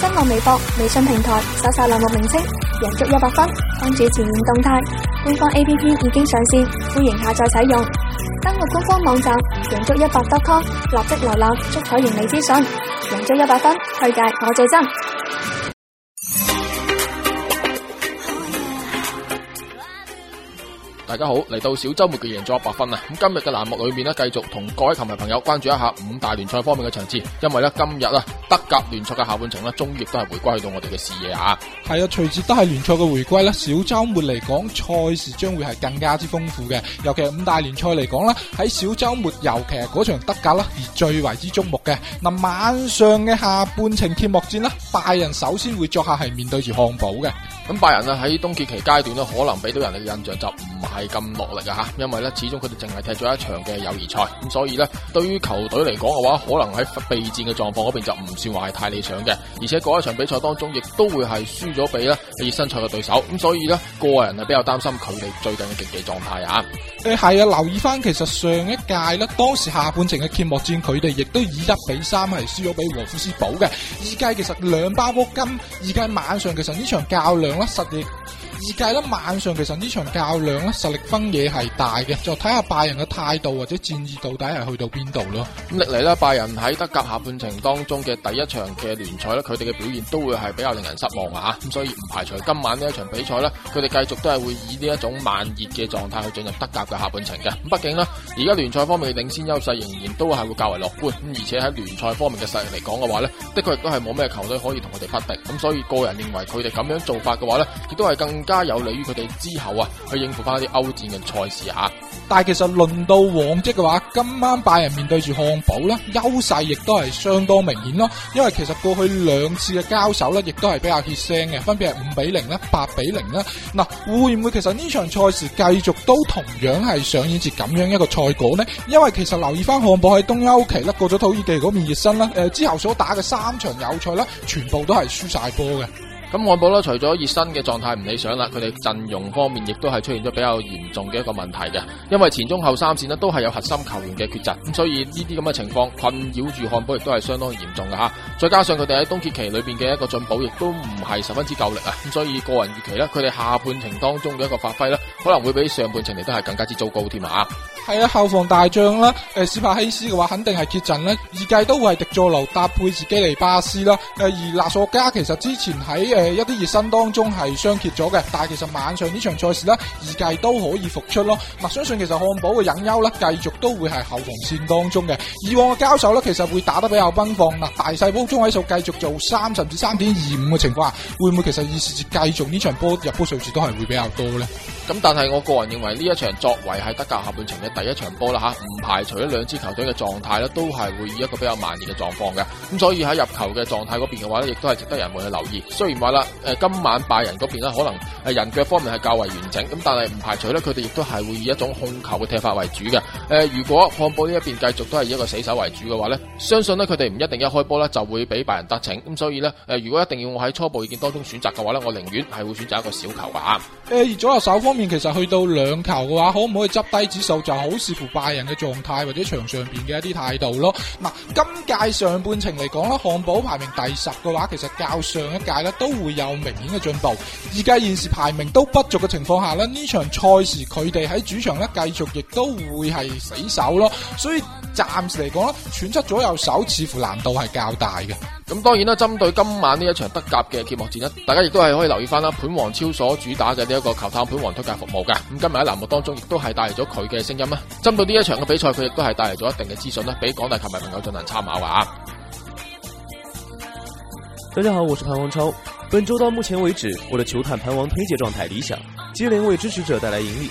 登錄微博、微信平台，搜索欄目名稱，贏足一百分。關注前沿動態，官方 A P P 已經上線，歡迎下載使用。登錄官方網站，贏足一百 .com，立即瀏覽足彩完美資訊，贏足一百分。推介我最真。大家好，嚟到小周末嘅贏足 100FUN 啊！咁今日嘅欄目裏面咧，繼續同各位球迷朋友關注一下五大聯賽方面嘅場次，因為咧今日啊德甲聯賽嘅下半程咧，終於都係回歸到我哋嘅視野是啊！係啊，隨住德甲聯賽嘅回歸咧，小周末嚟講賽事將會係更加之豐富嘅。尤其係五大聯賽嚟講咧，喺小周末尤其係嗰場德甲啦，而最為之矚目嘅嗱，晚上嘅下半程揭幕戰啦，拜仁首先會作客係面對住漢堡嘅。咁拜仁啊喺冬歇期階段咧，可能俾到人哋嘅印象就唔係。係咁落力噶吓，因為咧始終佢哋淨係踢咗一場嘅友誼賽，咁所以咧對於球隊嚟講嘅話，可能喺備戰嘅狀況嗰邊就唔算話係太理想嘅，而且嗰一場比賽當中亦都會係輸咗俾咧熱身賽嘅對手，咁所以咧個人係比較擔心佢哋最近嘅競技狀態啊。誒、呃、係啊，留意翻其實上一屆咧，當時下半程嘅揭幕戰，佢哋亦都以一比三係輸咗俾沃夫斯堡嘅。依家其實兩包沃金，依家晚上其實呢場較量啦實力。而家咧晚上，其實呢場較量咧實力分野係大嘅，就睇下拜仁嘅態度或者戰意到底係去到邊度咯。咁歷嚟啦，拜仁喺德甲下半程當中嘅第一場嘅聯賽咧，佢哋嘅表現都會係比較令人失望啊！咁所以唔排除今晚呢一場比賽咧，佢哋繼續都係會以呢一種慢熱嘅狀態去進入德甲嘅下半程嘅。咁畢竟咧，而家聯賽方面嘅領先優勢仍然都係會較為樂觀。咁而且喺聯賽方面嘅實力嚟講嘅話咧，的確亦都係冇咩球隊可以同佢哋匹敵。咁所以個人認為佢哋咁樣做法嘅話咧，亦都係更。更加有利於佢哋之後啊，去應付翻啲歐戰嘅賽事嚇、啊。但係其實輪到往績嘅話，今晚拜仁面對住漢堡咧，優勢亦都係相當明顯咯。因為其實過去兩次嘅交手咧，亦都係比較血腥嘅，分別係五比零啦，八比零啦。嗱，會唔會其實呢場賽事繼續都同樣係上演至咁樣一個賽果呢？因為其實留意翻漢堡喺東歐期咧，過咗土耳其嗰邊熱身啦，誒、呃、之後所打嘅三場友賽咧，全部都係輸晒波嘅。咁漢堡咧，除咗熱身嘅狀態唔理想啦，佢哋陣容方面亦都係出現咗比較嚴重嘅一個問題嘅，因為前中後三線呢都係有核心球員嘅缺陣，咁所以呢啲咁嘅情況困擾住漢堡，亦都係相當嚴重㗎吓。再加上佢哋喺冬歇期裏邊嘅一個進步，亦都唔係十分之夠力啊，咁所以個人預期咧，佢哋下半程當中嘅一個發揮咧，可能會比上半程嚟，都係更加之糟糕添啊。係啊，後防大將啦，誒，斯帕希斯嘅話肯定係缺陣啦，二界都會係迪助流搭配自己嚟巴斯啦，誒，而納索加其實之前喺誒一啲熱身當中係傷缺咗嘅，但係其實晚上呢場賽事啦，二界都可以復出咯。嗱，相信其實漢堡嘅隱憂咧，繼續都會係後防線當中嘅。以往嘅交手咧，其實會打得比較奔放。嗱，大細波中位數繼續做三甚至三點二五嘅情況下，會唔會其實二時節繼續呢場波入波數字都係會比較多咧？咁但係我個人認為呢一場作為係德甲下半程嘅第一場波啦，吓，唔排除呢兩支球隊嘅狀態咧，都係會以一個比較慢熱嘅狀況嘅。咁所以喺入球嘅狀態嗰邊嘅話咧，亦都係值得人們去留意。雖然話啦，誒，今晚拜仁嗰邊咧可能誒人腳方面係較為完整，咁但係唔排除咧佢哋亦都係會以一種控球嘅踢法為主嘅。誒，如果漢堡呢一邊繼續都係以一個死守為主嘅話咧，相信咧佢哋唔一定一開波咧就會俾拜仁得逞。咁所以咧，誒，如果一定要我喺初步意見當中選擇嘅話咧，我寧願係會選擇一個小球噶吓。誒，而左右手方其實去到兩球嘅話，可唔可以執低指數就好視乎拜仁嘅狀態或者場上邊嘅一啲態度咯。嗱，今屆上半程嚟講咧，漢堡排名第十嘅話，其實較上一屆咧都會有明顯嘅進步。而家現時排名都不俗嘅情況下咧，呢場賽事佢哋喺主場咧繼續亦都會係死守咯，所以暫時嚟講咧，串出咗右手似乎難度係較大嘅。咁當然啦，針對今晚呢一場德甲嘅揭幕戰咧，大家亦都係可以留意翻啦。盤王超所主打嘅呢一個球探盤王推介服務嘅，咁今日喺欄目當中亦都係帶嚟咗佢嘅聲音啦。針對呢一場嘅比賽，佢亦都係帶嚟咗一定嘅資訊啦，俾廣大球迷朋友進行參考噶啊！大家好，我是盤王超。本周到目前為止，我的球探盤王推介狀態理想，接連為支持者帶來盈利。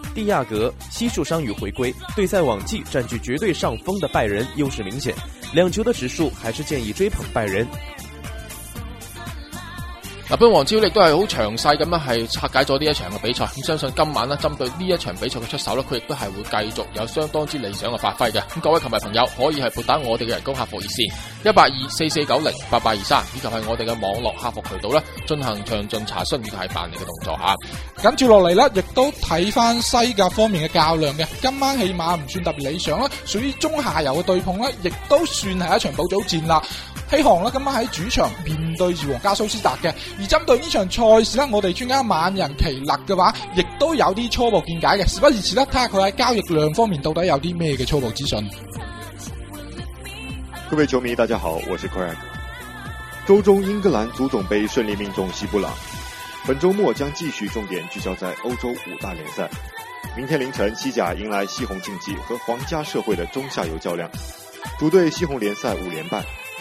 蒂亞戈悉數傷愈回歸，對賽往績佔據絕對上風的拜仁優勢明顯，兩球的指數還是建議追捧拜仁。嗱，本王超亦都係好詳細咁樣係拆解咗呢一場嘅比賽。咁相信今晚呢，針對呢一場比賽嘅出手呢，佢亦都係會繼續有相當之理想嘅發揮嘅。咁各位球迷朋友可以係撥打我哋嘅人工客服熱線一八二四四九零八八二三，823, 以及係我哋嘅網絡客服渠道呢，進行詳盡查詢同係辦理嘅動作下。咁接落嚟呢，亦都睇翻西甲方面嘅較量嘅，今晚起碼唔算特別理想啦，屬於中下游嘅對碰呢，亦都算係一場保組戰啦。希航呢，今晚喺主場面對住皇家蘇斯達嘅。而針對呢場賽事咧，我哋專家萬人齊立嘅話，亦都有啲初步見解嘅。事不宜遲咧，睇下佢喺交易量方面到底有啲咩嘅初步資訊。各位球迷，大家好，我是 Kieran。周中英格蘭足總杯順利命中西布朗，本周末將繼續重點聚焦在歐洲五大聯賽。明天凌晨西甲迎來西紅競技和皇家社會的中下游較量，主隊西紅聯賽五連敗。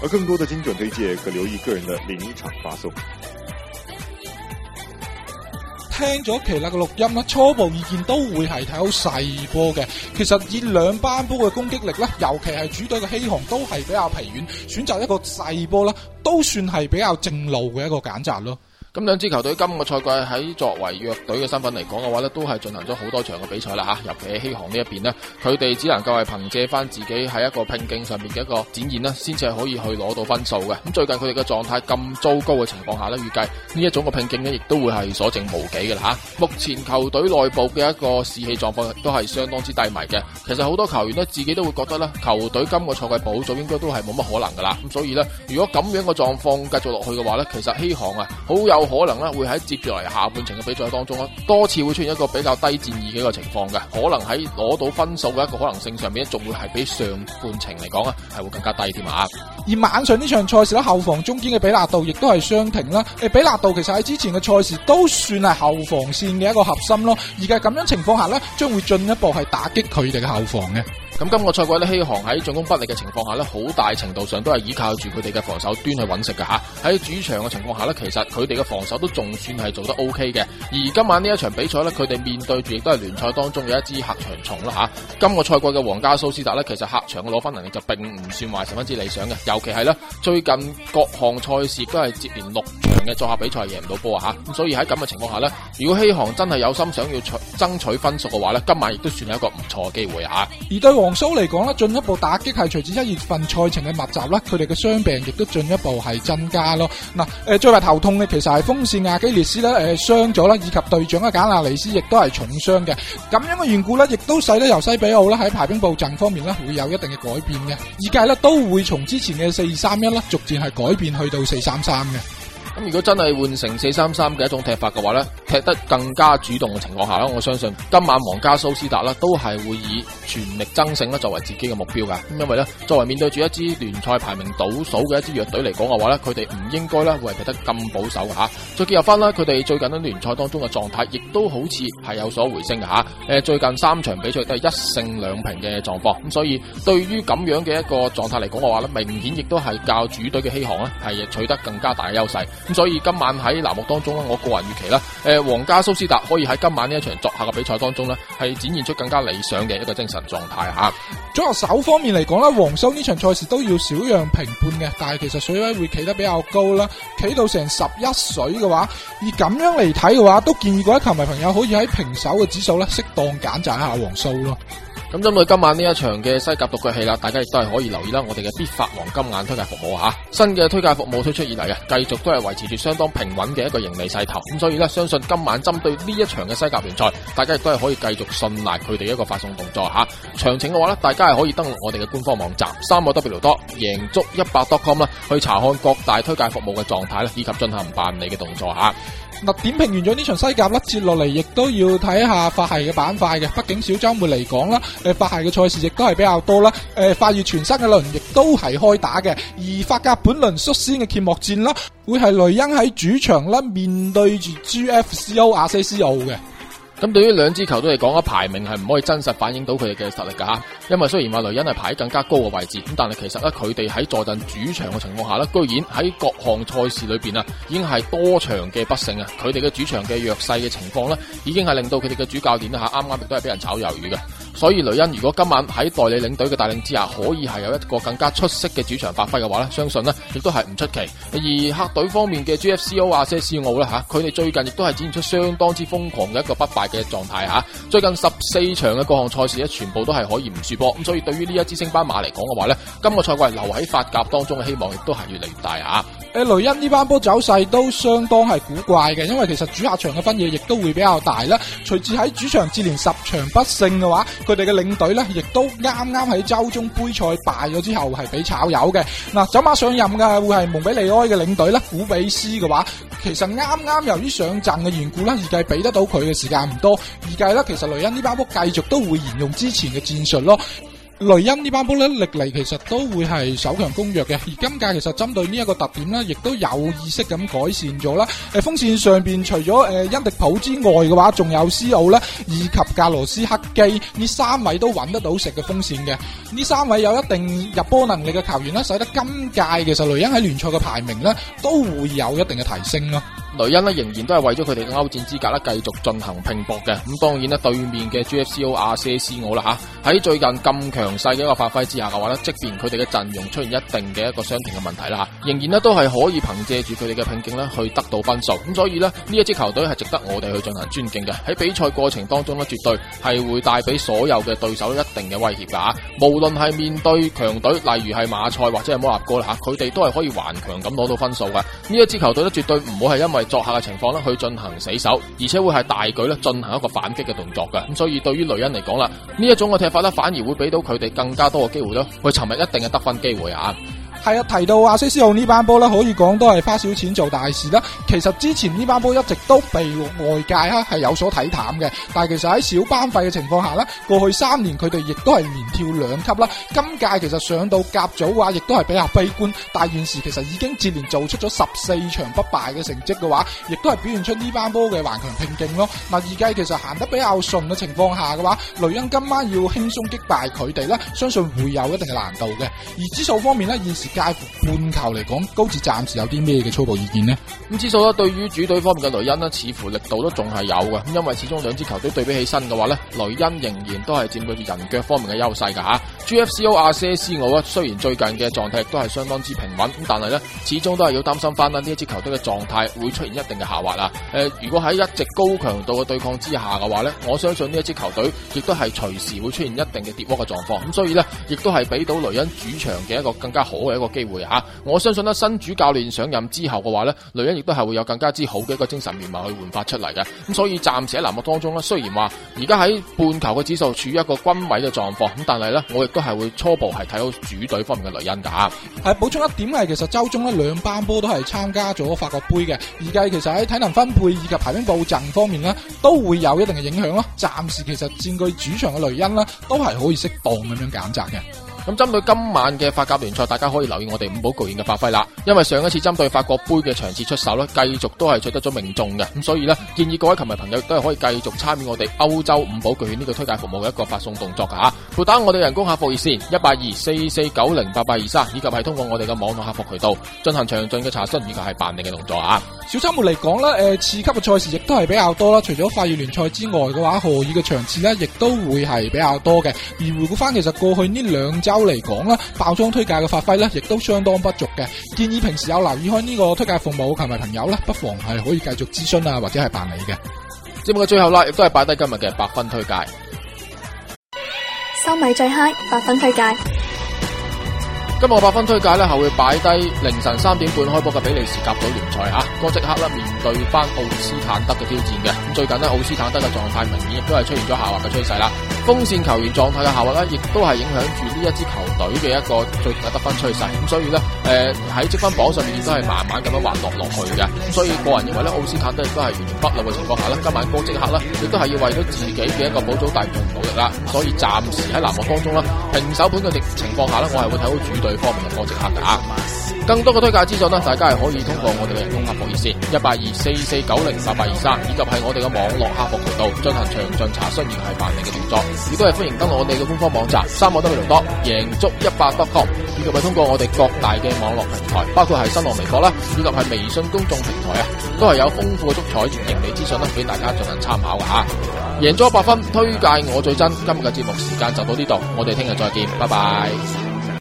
而更多的精準推介，可留意個人的臨場發送。聽咗其他嘅錄音啦，初步意見都會係睇好細波嘅。其實以兩班波嘅攻擊力咧，尤其係主隊嘅希航都係比較疲軟，選擇一個細波啦，都算係比較正路嘅一個揀擇咯。咁兩支球隊今個賽季喺作為弱隊嘅身份嚟講嘅話呢，都係進行咗好多場嘅比賽啦吓。尤其係希航呢一邊呢，佢哋只能夠係憑借翻自己喺一個拼勁上面嘅一個展現呢，先至係可以去攞到分數嘅。咁最近佢哋嘅狀態咁糟糕嘅情況下呢，預計呢一種嘅拼勁呢，亦都會係所剩無幾嘅啦吓。目前球隊內部嘅一個士氣狀況都係相當之低迷嘅。其實好多球員呢，自己都會覺得呢，球隊今個賽季保組應該都係冇乜可能噶啦。咁所以呢，如果咁樣嘅狀況繼續落去嘅話呢，其實希航啊，好有。有可能咧，會喺接住嚟下半程嘅比賽當中咧，多次會出現一個比較低戰意嘅一個情況嘅，可能喺攞到分數嘅一個可能性上面，仲會係比上半程嚟講啊，係會更加低添啊！而晚上呢場賽事咧，後防中間嘅比納度亦都係雙停啦。比納度其實喺之前嘅賽事都算係後防線嘅一個核心咯，而喺咁樣情況下呢，將會進一步係打擊佢哋嘅後防嘅。咁今個賽季呢，希航喺進攻不力嘅情況下呢，好大程度上都係依靠住佢哋嘅防守端去揾食嘅吓。喺主場嘅情況下呢，其實佢哋嘅防守都仲算係做得 OK 嘅，而今晚呢一場比賽咧，佢哋面對住亦都係聯賽當中嘅一支客場蟲啦吓。今個賽季嘅皇家蘇斯達咧，其實客場嘅攞分能力就並唔算話十分之理想嘅，尤其係咧最近各項賽事都係接連六場嘅作客比賽贏唔到波啊吓。咁所以喺咁嘅情況下咧，如果希航真係有心想要取爭取分數嘅話咧，今晚亦都算係一個唔錯嘅機會吓、啊，而對皇蘇嚟講咧，進一步打擊係隨住一月份賽程嘅密集啦，佢哋嘅傷病亦都進一步係增加咯。嗱、啊，誒、呃，最為頭痛咧，其實。風扇亞基列斯咧，誒，傷咗啦，以及隊長阿賈亞尼斯亦都係重傷嘅，咁樣嘅緣故咧，亦都使得由西比奧咧喺排兵布陣方面咧會有一定嘅改變嘅，而家咧都會從之前嘅四三一咧，逐漸係改變去到四三三嘅。咁如果真係換成四三三嘅一種踢法嘅話呢，踢得更加主動嘅情況下咧，我相信今晚皇家蘇斯達咧都係會以全力爭勝咧作為自己嘅目標噶。因為咧，作為面對住一支聯賽排名倒數嘅一支弱隊嚟講嘅話呢，佢哋唔應該咧會係踢得咁保守吓。再結合翻啦，佢哋最近喺聯賽當中嘅狀態，亦都好似係有所回升嘅吓。誒，最近三場比賽都係一勝兩平嘅狀況。咁所以，對於咁樣嘅一個狀態嚟講嘅話呢，明顯亦都係較主隊嘅希航咧係取得更加大嘅優勢。咁所以今晚喺欄目當中咧，我個人預期咧，誒、呃，皇家蘇斯達可以喺今晚呢一場作客嘅比賽當中咧，係展現出更加理想嘅一個精神狀態啊！綜合手方面嚟講咧，黃蘇呢場賽事都要小樣平半嘅，但係其實水位會企得比較高啦，企到成十一水嘅話，以咁樣嚟睇嘅話，都建議各位球迷朋友可以喺平手嘅指數咧，適當揀擇一下黃蘇咯。咁針對今晚呢一場嘅西甲獨腳戲啦，大家亦都係可以留意啦，我哋嘅必發黃金眼推介服務吓，新嘅推介服務推出以嚟嘅，繼續都係維持住相當平穩嘅一個盈利勢頭。咁所以呢，相信今晚針對呢一場嘅西甲聯賽，大家亦都係可以繼續信賴佢哋一個發送動作吓。詳情嘅話呢，大家係可以登錄我哋嘅官方網站三個 W 多贏足一百 .com，去查看各大推介服務嘅狀態呢，以及進行辦理嘅動作吓。嗱，點評完咗呢場西甲呢，接落嚟亦都要睇下法係嘅板塊嘅，畢竟小周末嚟講啦。誒，法系嘅賽事亦都係比較多啦。誒，法爾乙全新嘅輪亦都係開打嘅，而法甲本輪率先嘅揭幕戰啦，會係雷恩喺主場啦面對住 GFCO 亞西斯奧嘅。咁對於兩支球隊嚟講啊，排名係唔可以真實反映到佢哋嘅實力噶吓。因為雖然話雷恩係排喺更加高嘅位置，咁但係其實咧佢哋喺坐鎮主場嘅情況下咧，居然喺各項賽事裏邊啊，已經係多場嘅不勝啊。佢哋嘅主場嘅弱勢嘅情況咧，已經係令到佢哋嘅主教練啊吓，啱啱亦都係俾人炒魷魚嘅。所以雷恩如果今晚喺代理領隊嘅帶領之下，可以係有一個更加出色嘅主場發揮嘅話咧，相信呢亦都係唔出奇。而客隊方面嘅 GFCO 啊，些科奧咧嚇，佢哋最近亦都係展現出相當之瘋狂嘅一個不敗嘅狀態吓。最近十四場嘅各項賽事咧，全部都係可以唔輸波。咁所以對於呢一支星斑馬嚟講嘅話呢，今個賽季留喺法甲當中嘅希望亦都係越嚟越大吓。啊雷恩呢班波走勢都相當係古怪嘅，因為其實主客場嘅分野亦都會比較大啦。隨住喺主場至連十場不勝嘅話，佢哋嘅領隊呢亦都啱啱喺周中杯賽敗咗之後係俾炒魷嘅。嗱、啊，走馬上任嘅會係蒙比利埃嘅領隊啦，古比斯嘅話，其實啱啱由於上陣嘅緣故啦，而計俾得到佢嘅時間唔多。而計呢，其實雷恩呢班波繼續都會沿用之前嘅戰術咯。雷恩呢班波咧，歷嚟其實都會係守強攻弱嘅，而今屆其實針對呢一個特點咧，亦都有意識咁改善咗啦。呃，風線上面除咗誒恩迪普之外嘅話，仲有斯奧啦，以及格羅斯克基呢三位都揾得到食嘅風扇嘅，呢三位有一定入波能力嘅球員啦，使得今屆其實雷恩喺聯賽嘅排名咧都會有一定嘅提升咯。雷恩咧仍然都係為咗佢哋嘅歐戰資格咧繼續進行拼搏嘅，咁當然咧對面嘅 GFCO 亞瑟斯我啦，吓，喺最近咁強勢嘅一個發揮之下嘅話咧，即便佢哋嘅陣容出現一定嘅一個傷停嘅問題啦，吓，仍然咧都係可以憑借住佢哋嘅拼勁咧去得到分數，咁所以呢，呢一支球隊係值得我哋去進行尊敬嘅。喺比賽過程當中咧，絕對係會帶俾所有嘅對手一定嘅威脅噶吓，無論係面對強隊，例如係馬賽或者係摩納哥啦吓，佢哋都係可以頑強咁攞到分數嘅。呢一支球隊咧絕對唔會係因為作客嘅情況咧，去進行死守，而且會係大舉咧進行一個反擊嘅動作㗎，咁所以對於雷恩嚟講啦，呢一種嘅踢法咧，反而會俾到佢哋更加多嘅機會咯，去尋日一定嘅得分機會啊！係啊，提到阿西斯奧呢班波咧，可以講都係花少錢做大事啦。其實之前呢班波一直都被外界哈係有所睇淡嘅，但係其實喺小班費嘅情況下啦，過去三年佢哋亦都係連跳兩級啦。今屆其實上到甲組話，啊，亦都係比較悲觀。但現時其實已經接連做出咗十四場不敗嘅成績嘅話，亦都係表現出呢班波嘅頑強拼勁咯。嗱，二屆其實行得比較順嘅情況下嘅話，雷恩今晚要輕鬆擊敗佢哋啦，相信會有一定嘅難度嘅。而指數方面咧，現時。介乎半球嚟講，高治暫時有啲咩嘅初步意見呢？咁指數咧，對於主隊方面嘅雷恩，似乎力度都仲係有嘅。因為始終兩支球隊對比起身嘅話呢，雷恩仍然都係佔據住人腳方面嘅優勢噶吓。GFCO 阿斯斯奧啊，雖然最近嘅狀態都係相當之平穩，咁但係呢，始終都係要擔心翻啦，呢一支球隊嘅狀態會出現一定嘅下滑啊。誒、呃，如果喺一直高強度嘅對抗之下嘅話呢，我相信呢一支球隊亦都係隨時會出現一定嘅跌窩嘅狀況。咁所以呢，亦都係俾到雷恩主場嘅一個更加好嘅。一個機會吓、啊，我相信咧，新主教練上任之後嘅話咧，雷恩亦都係會有更加之好嘅一個精神面貌去煥發出嚟嘅。咁所以暫時喺欄目當中咧，雖然話而家喺半球嘅指數處於一個均位嘅狀況，咁但係咧，我亦都係會初步係睇好主隊方面嘅雷恩噶。係、啊、補充一點，係其實周中咧，兩班波都係參加咗法國杯嘅，而家其實喺體能分配以及排兵布陣方面咧，都會有一定嘅影響咯。暫時其實佔據主場嘅雷恩啦，都係可以適當咁樣減責嘅。咁針對今晚嘅法甲聯賽，大家可以留意我哋五寶巨獻嘅發揮啦。因為上一次針對法國杯嘅場次出手咧，繼續都係取得咗命中嘅。咁所以呢，建議各位球迷朋友都係可以繼續參與我哋歐洲五寶巨獻呢個推介服務嘅一個發送動作吓。撥打我哋人工客服熱線一八二四四九零八八二三，以及係通過我哋嘅網絡客服渠道進行詳盡嘅查詢以及係辦理嘅動作啊。小周末嚟講咧，誒，次級嘅賽事亦都係比較多啦。除咗法乙聯賽之外嘅話，荷爾嘅場次咧，亦都會係比較多嘅。而回顧翻，其實過去呢兩周嚟講咧，爆裝推介嘅發揮咧，亦都相當不俗嘅。建議平時有留意開呢個推介服務，同埋朋友咧，不妨係可以繼續諮詢啊，或者係辦理嘅。節目嘅最後啦，亦都係擺低今日嘅百分推介，收米最嗨，百分推介。今日我百分推介咧，係會擺低凌晨三點半開波嘅比利時甲組聯賽啊，哥即刻咧面對翻奧斯坦德嘅挑戰嘅。咁最近咧奧斯坦德嘅狀態明顯亦都係出現咗下滑嘅趨勢啦。鋒線球員狀態嘅下滑咧，亦都係影響住呢一支球隊嘅一個最近嘅得分趨勢。咁所以咧，誒喺積分榜上面亦都係慢慢咁樣滑落落去嘅。咁所以個人認為咧，奧斯坦德亦都係完全不漏嘅情況下咧，今晚波即客咧亦都係要為咗自己嘅一個保組大步努力啦。所以暫時喺南幕當中啦，平手盤嘅情情況下呢我係會睇好主隊方面嘅波即客噶吓。更多嘅推介資訊呢，大家係可以通過我哋嘅人工客服熱線一八二四四九零八八二三，823, 以及係我哋嘅網絡客服渠道進行詳盡查詢而係辦理嘅動作。亦都係歡迎登錄我哋嘅官方網站三網得利龍多贏足一百 .com 以及係通過我哋各大嘅網絡平台，包括係新浪微博啦，以及係微信公眾平台啊，都係有豐富嘅足彩及盈利資訊啦，俾大家進行參考噶吓。贏咗百分，推介我最真。今日嘅節目時間就到呢度，我哋聽日再見，拜拜。